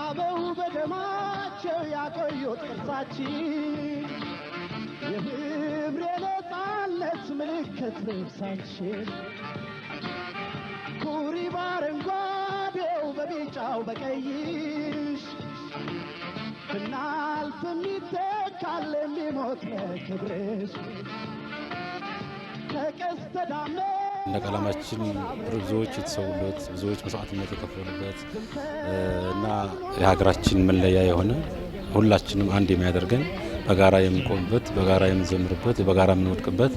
አበው በደማቸው ያቆዩት ቅርሳችን የክብር የነጻነት ምልክት ልብሳችን ኩሪ ባረንጓዴው በቢጫው በቀይሽ ብናልፍ የሚተካል የሚሞት ክብርሽ ከቀስተ ደመና እንደ ቀለማችን ብዙዎች የተሰዉበት ብዙዎች መስዋዕትነት የከፈሉበት እና የሀገራችን መለያ የሆነ ሁላችንም አንድ የሚያደርገን በጋራ የምንቆምበት በጋራ የምንዘምርበት በጋራ የምንወድቅበት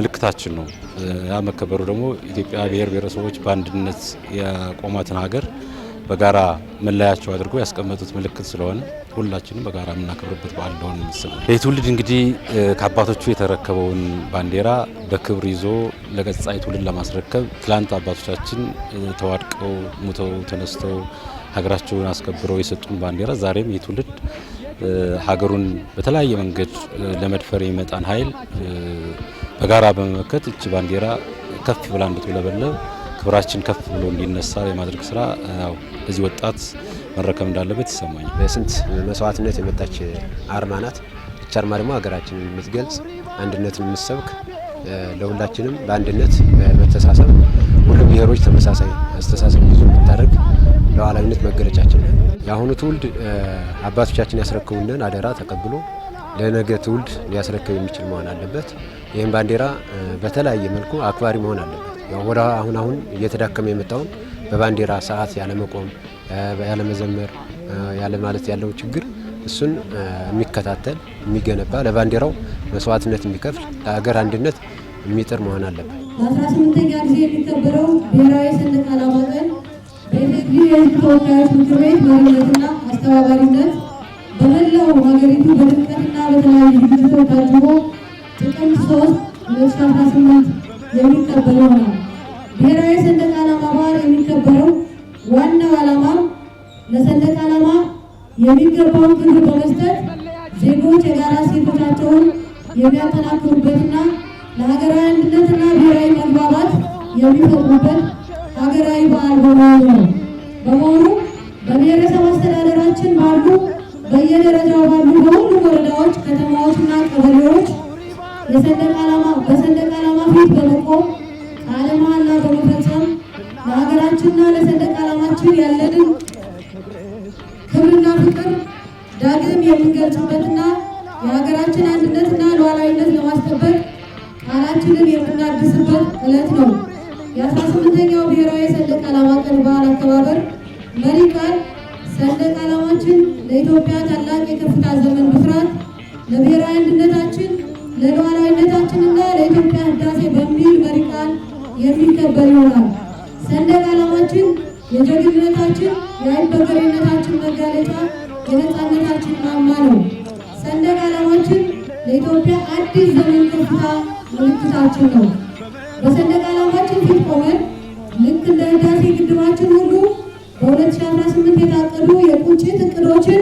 ምልክታችን ነው። ያ መከበሩ ደግሞ ኢትዮጵያ ብሔር ብሔረሰቦች በአንድነት ያቆማትን ሀገር በጋራ መለያቸው አድርጎ ያስቀመጡት ምልክት ስለሆነ ሁላችንም በጋራ የምናከብርበት በዓል እንደሆነ ምስል ነው። የትውልድ እንግዲህ ከአባቶቹ የተረከበውን ባንዲራ በክብር ይዞ ለቀጣይ ትውልድ ለማስረከብ ትላንት አባቶቻችን ተዋድቀው ሙተው ተነስተው ሀገራቸውን አስከብረው የሰጡን ባንዲራ ዛሬም የትውልድ ሀገሩን በተለያየ መንገድ ለመድፈር የሚመጣን ኃይል በጋራ በመመከት እች ባንዲራ ከፍ ብላ እንድትውለበለብ ክብራችን ከፍ ብሎ እንዲነሳ የማድረግ ስራ ያው ወጣት መረከም እንዳለበት ይሰማኛል። በስንት መስዋዕትነት የመጣች አርማ ናት። እቺ አርማ ደግሞ ሀገራችንን የምትገልጽ አንድነትን የምትሰብክ ለሁላችንም በአንድነት በመተሳሰብ ሁሉም ብሔሮች ተመሳሳይ አስተሳሰብ ብዙ የምታደርግ ለኋላዊነት መገለጫችን ነው። የአሁኑ ትውልድ አባቶቻችን ያስረክቡንን አደራ ተቀብሎ ለነገ ትውልድ ሊያስረክብ የሚችል መሆን አለበት። ይህም ባንዲራ በተለያየ መልኩ አክባሪ መሆን አለበት። ወደ አሁን አሁን እየተዳከመ የመጣውን በባንዲራ ሰዓት ያለመቆም ያለመዘመር ያለ ማለት ያለው ችግር እሱን የሚከታተል የሚገነባ ለባንዲራው መስዋዕትነት የሚከፍል ለሀገር አንድነት የሚጥር መሆን አለበት። ኛ ጊዜ የሚከበረው ብሔራዊ ሰንደቅ ዓላማ ቀን ተወካዮች ምክር ቤት መሪነትና አስተባባሪነት በመላው ሀገሪቱ በድምቀትና በተለያዩ ዝግጅቶች ታጅቦ ጥቅምት የሚቀበለው ነው። ብሔራዊ ሰንደቅ ዓላማ በዓል የሚከበረው ዋናው ዓላማ ለሰንደቅ ዓላማ የሚገባውን ክብር በመስጠት ዜጎች የጋራ ሴቶቻቸውን የሚያጠናክሩበትና ለሀገራዊ አንድነትና ብሔራዊ መግባባት የሚፈጥሩበት ሀገራዊ በዓል በመሆኑ ነው። በመሆኑ በብሔረሰብ አስተዳደራችን ባሉ በየደረጃው ባሉ በሁሉ ወረዳዎች፣ ከተማዎችና ቀበሌዎች በሰንደቅ ፊት በመቆም ቃለ መሃላ በመፈጸም ለሀገራችንና ለሰንደቅ ዓላማችን ያለንን ክብርና ፍቅር ዳግም የምንገልጽበትና የሀገራችን አንድነትና ሉዓላዊነት ለማስጠበቅ ቃላችንን የምናድስበት ዕለት ነው። የአስራ ስምንተኛው ብሔራዊ ሰንደቅ ዓላማ ቀን በዓል አከባበር መሪ ቃል ሰንደቅ ዓላማችን ለኢትዮጵያ ታላቅ የከፍታ ዘመን ብስራት ለብሔራዊ አንድነት ለሉዓላዊነታችንና ለኢትዮጵያ ህዳሴ በሚል መሪ ቃል የሚከበር ይሆናል። ሰንደቅ ዓላማችን የጀግንነታችን የአይበገሬነታችን መጋለጫ የነፃነታችን ማማ ነው። ሰንደቅ ዓላማችን ለኢትዮጵያ አዲስ ዘመን ከፍታ ምልክታችን ነው። በሰንደቅ ዓላማችን ፊት ቆመን ልክ እንደ ሕዳሴ ግድባችን ሁሉ በ2018 የታቀዱ የቁጭት እቅዶችን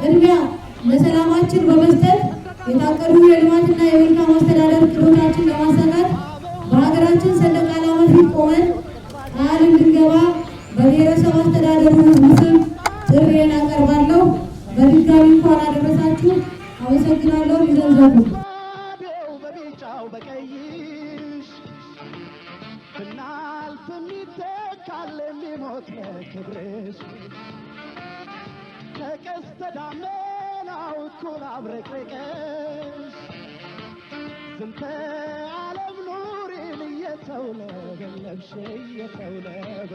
ቅድሚያ ለሰላማችን በመስጠት የታቀዱ የልማትና የመልካም አስተዳደር ክህሎታችን ለማሳካት በሀገራችን ሰንደቅ ዓላማ ፊት ቆመን ቃል እንድንገባ በብሔረሰብ አስተዳደሩ ስም ጥሪዬን አቀርባለሁ። በድጋሚ እንኳን አደረሳችሁ። አመሰግናለሁ። ይዘንዘቡ በቢጫው በቀይሽ ብናልፍ የሚተካል የሚሞት እኮን አብረቅርቀሽ ዝንተ ዓለም ኑሪን እየተውለበለብሽ እየተውለበ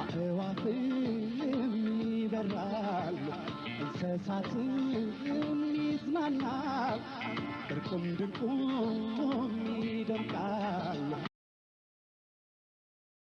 አእዋፍም ይበራል እንስሳትም ይዝናናል እርቁም ድንቁም ይደምቃል